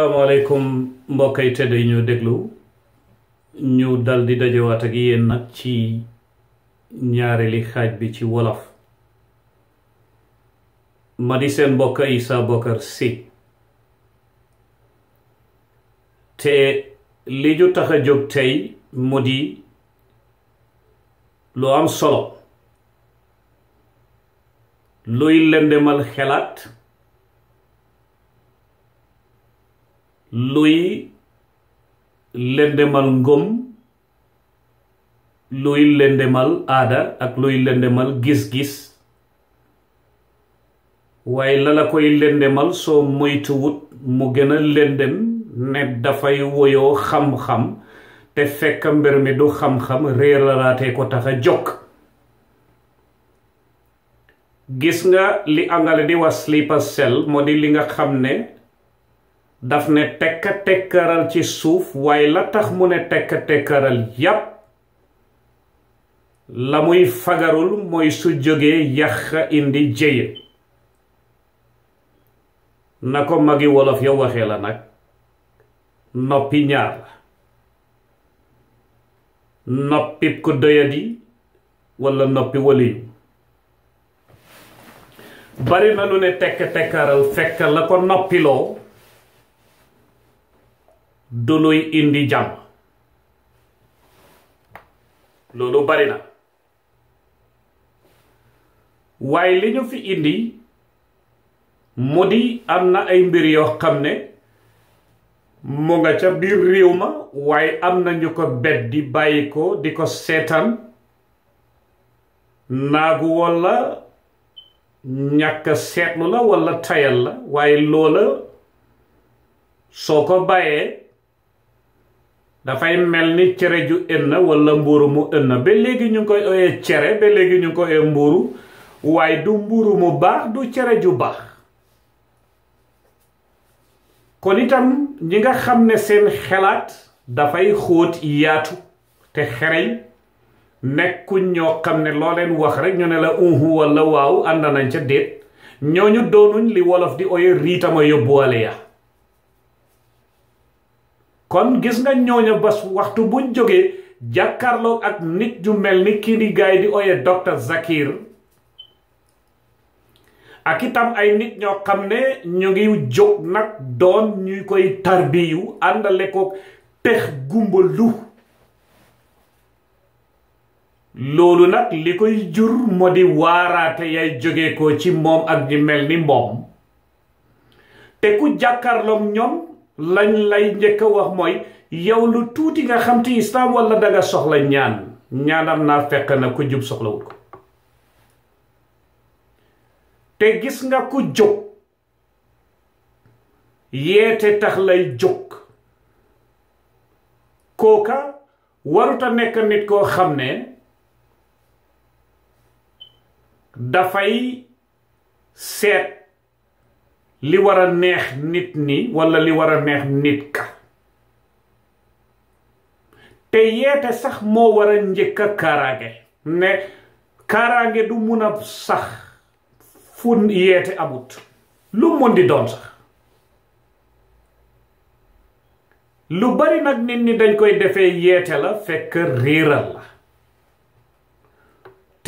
salaamaaleykum mbokk yi tedd yi déglu ñu daldi di dajewaat ak yéen nag ci ñaareeli xaaj bi ci wolof ma di seen mbokk Essa Bokarr Sy te li ñu tax a jóg tey mu di lu am solo luy lendemal xelaat luy lendemal ngëm luy lendemal aada ak luy lendemal gis-gis waaye la la koy lendemal soo moytuwut mu gëna a lendem ne dafay woyoo xam-xam te fekk mbir mi du xam-xam réeralaatee ko tax a jokk gis nga li angale di wax sleeper cell moo di li nga xam ne daf ne tekka tekkaral ci suuf waaye la tax mu ne tekka tekkaral yàpp la muy fagarul mooy su jógee yàq indi jéye na ko magi wolof ya waxe la nag noppi ñaar la noppib ku doyadi walla noppi waliyu bari na lu ne tekk tekkaaral fekk la ko noppiloo du luy indi jàmm loolu bari na waaye li ñu fi indi mu di am na ay mbir yoo xam ne mu nga ca biir réew ma waaye am na ñu ko bet di bàyyi ko di ko seetaan naagu la ñàkk seetlu la walla tayal la waaye loola soo ko bàyyee dafay mel ni cere ju ënna wala mburu mu ënna ba léegi ñu ngi koy oyee cere ba léegi ñu ngi koy oyee mburu waaye du mburu mu baax du cere ju baax kon itam ñi nga xam ne seen xelaat dafay xóot yaatu te xereñ nekkuñ ñoo xam ne loo leen wax rek ñu ne la unhu wala waaw ànd nañ ca déet ñooñu doonuñ li wolof di oyee riitama yóbbuwale yaa kon gis nga ñooña bas waxtu buñ jógee jakarlo ak nit ju mel ni di gaay di oye docteur zakir Akitam itam ay nit ñoo xam ne ñu ngi jóg nag doon ñuy koy tarbiyu àndale ko pex gumba lu loolu nag li koy jur moo di waaraate yay joge ko ci moom ak ñi mel ni moom te ku jàkkaarloog ñoom lañ lay njëkk wax mooy yow lu tuuti nga xam ci islaam wala danga soxla ñaan ñaanam naa fekk na ku jub soxlawul ko te gis nga ku jóg yeete tax lay jóg kooka waruta nekk nit koo xam ne dafay seet li war a neex nit ni walla li war a neex nit ka te yeete sax moo war a njëkk a kaaraange ne kaaraange du mun a sax fu yeete amut lu mun di doon sax lu bari nag nit ñi dañ koy defee yeete la fekk réeral la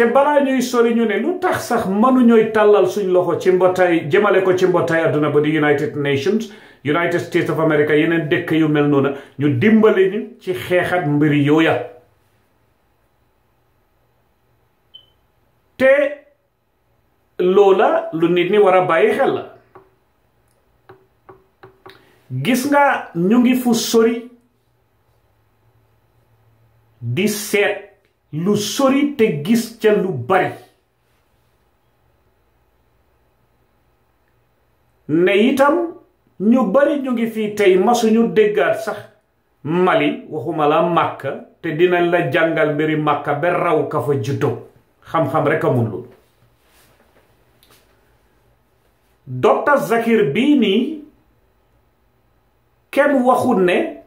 te balaa ñuy sori ñu ne lu tax sax mënuñooy tàllal suñ loxo ci mbootaay jëmale ko ci mbootaay àdduna ba di United Nations United States of America yeneen dëkk yu mel noonu ñu dimbali ñu ci xeexat mbiri ya te loola lu nit ñi wara bàyyi xel la gis nga ñu ngi fu sori di seet lu sori te gis ca lu bari ne itam ñu bari ñu ngi fi tey masuñu déggaat sax Mali waxuma la Màkka te dinañ la jàngal mbiri Màkka be raw ka fa juddoo xam-xam rek amul loolu docteur Zakir bii nii kenn waxut ne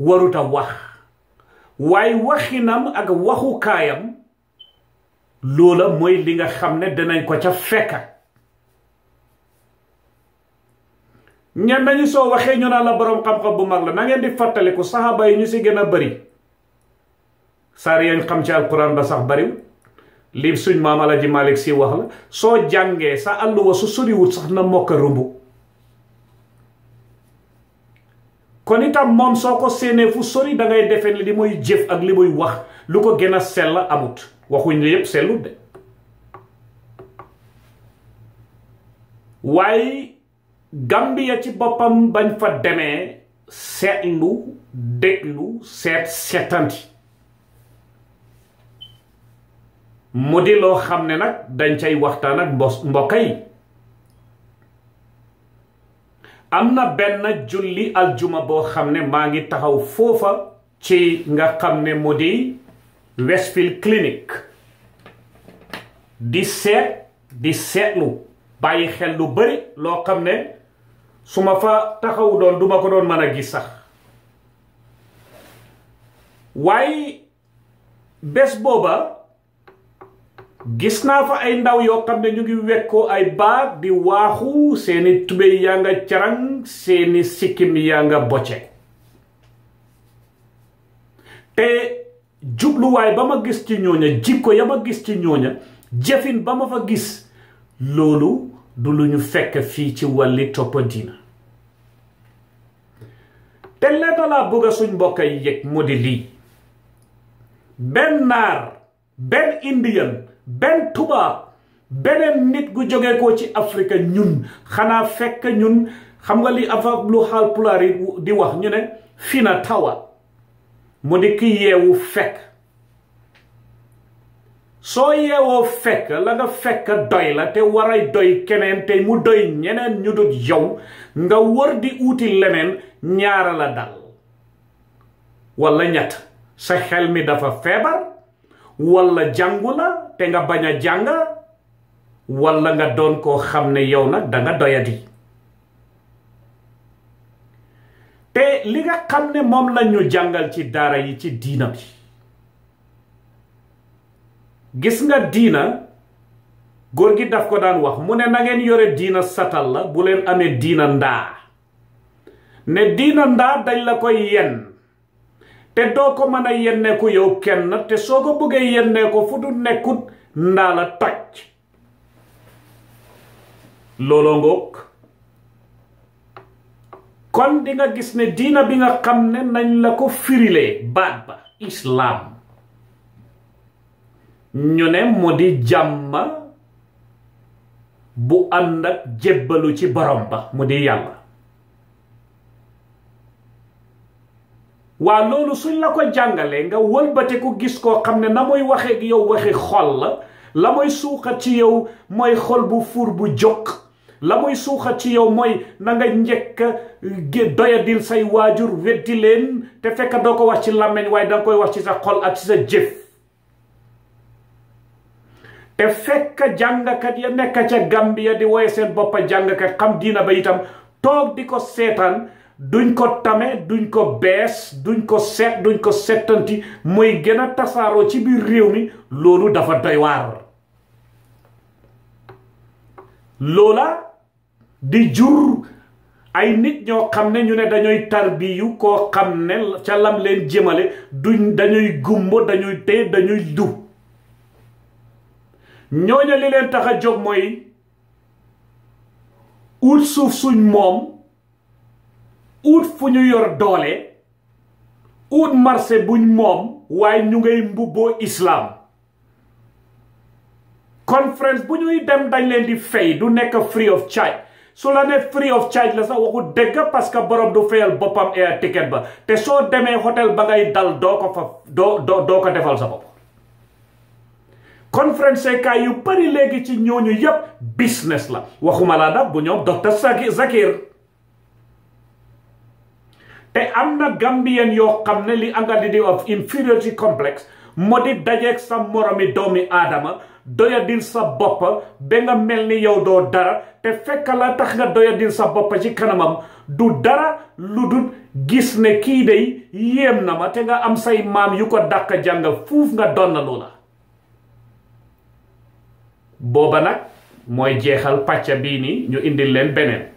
waruta wax way waxinam ak kayam lola moy li nga xamne ne danañ ko ca fekka ñen nañu so waxe ñu na la borom xam-xam bu mag la na ngeen di ko sahaba yi ñu si gëna bari sar saar yañ xam ci alquran ba sax bari li suñ maam alaji malik si wax la so jàngee sa wa su wut sax na mokk rumbu kon itam moom soo ko séenee fu sori dangay defe defee ne li muy jëf ak li muy wax lu ko gën a sell amut waxuñ ne yépp sellut de waaye Gambia ci boppam bañ fa demee seetlu déglu seet seetanti mu di loo xam ne nag dañ cay waxtaan ak mbos mbokk yi am na benn julli aljuma boo xam ne maa ngi taxaw foofa ci nga xam ne mu di Westfield Clinic di seet di seetlu bàyyi xel lu bari loo xam ne su ma fa taxaw doon duma ko doon mën a gis sax waaye bés booba gis naa fa ay ndaw yoo xam ne ñu ngi wekkoo ay baag di waaxu seeni tubéy yaa nga carang seeni sikkim yaa nga bocce te jubluwaay ba ma gis ci ñooña jikko ya ma gis ci ñooña jëfin ba ma fa gis loolu du lu ñu fekk fii ci wàlli toppa diina te leeta laa bëgg suñ mbokk yi yëg mu di lii benn naar benn indian benn tubaab beneen nit gu jóge ko ci Afrika ñun xanaa fekk ñun xam nga li avant lu xaal pulaar yi di wax ñu ne fi tawa mu di ki yeewu fekk soo yeewoo fekk la nga fekk doy la te waray doy keneen te mu doy ñeneen ñu dut yow nga wër di uuti leneen ñaara la dal walla ñett sa xel mi dafa feebar walla jàngu la te nga bañ a jàng walla nga doon koo xam ne yow nag danga doyadi te li nga xam ne moom lañu jàngal ci daara yi ci diina bi gis nga diina góor gi daf ko daan wax mu ne na yore diina satal la bu leen amee diina ndaa ne diina ndaa dañ la koy yenn te do ko mana yenne ko yow kenn te soo ko yenne ko fudu du nekkut ndaa la toj looloo kon di nga gis ne diina bi nga xam ne la ko firile baat ba islam ñu ne di bu ànd ak jébbalu ci borom ba mu di waa loolu suñ la ko jàngalee nga wëlbate ku gis koo xam ne na muy waxee yow waxi xol la la muy suuxat ci yow mooy xol bu fuur bu jóg la muy suuxat ci yow mooy na nga njëkk doyadil say waajur weddi leen te fekk doo ko wax ci làmmiñ waaye danga koy wax ci sa xol ak ci sa jëf te fekk jàngkat ya nekk ca Gambia di woye seen boppa jàngkat xam diina ba itam toog di ko seetaan duñ ko tame duñ ko bees duñ ko set duñ ko settanti mooy gën a tasaaroo ci biir réew mi loolu dafa doy waar loola di jur ay nit ñoo xam ne ñu ne dañuy tarbiyu koo xam ne ca lam leen jëmale duñ dañuy gumbo dañuy téye dañuy du ñooña li leen tax a jóg mooy ut suuf suñ moom ut fu ñu yor doole ut marché bu moom waaye ñu ngay mbubboo islaam conférence bu ñuy dem dañ leen di fay du nekk free of charge su la ne free of charge la sax waxu dëgg parce que borom du fayal boppam air ticket ba te soo demee hôtel ba ngay dal doo ko fa doo doo doo ko defal sa bopp conférence yu bari léegi ci ñooñu yépp business la waxuma laa nag bu ñoom docteur Zakir te amna na Gambien yoo xam di of inferiority complex modi dajé ak sa moromi adama doya doyadil sa bop be nga melni yow do dara te fekk la tax nga doyadil sa bop ci kanamam du dara lu gis ne ki day yéem na ma te nga am say mam yu ko dàq jàng fuuf nga don na lola boba nak moy jéxal patcha bi ni ñu indi len benen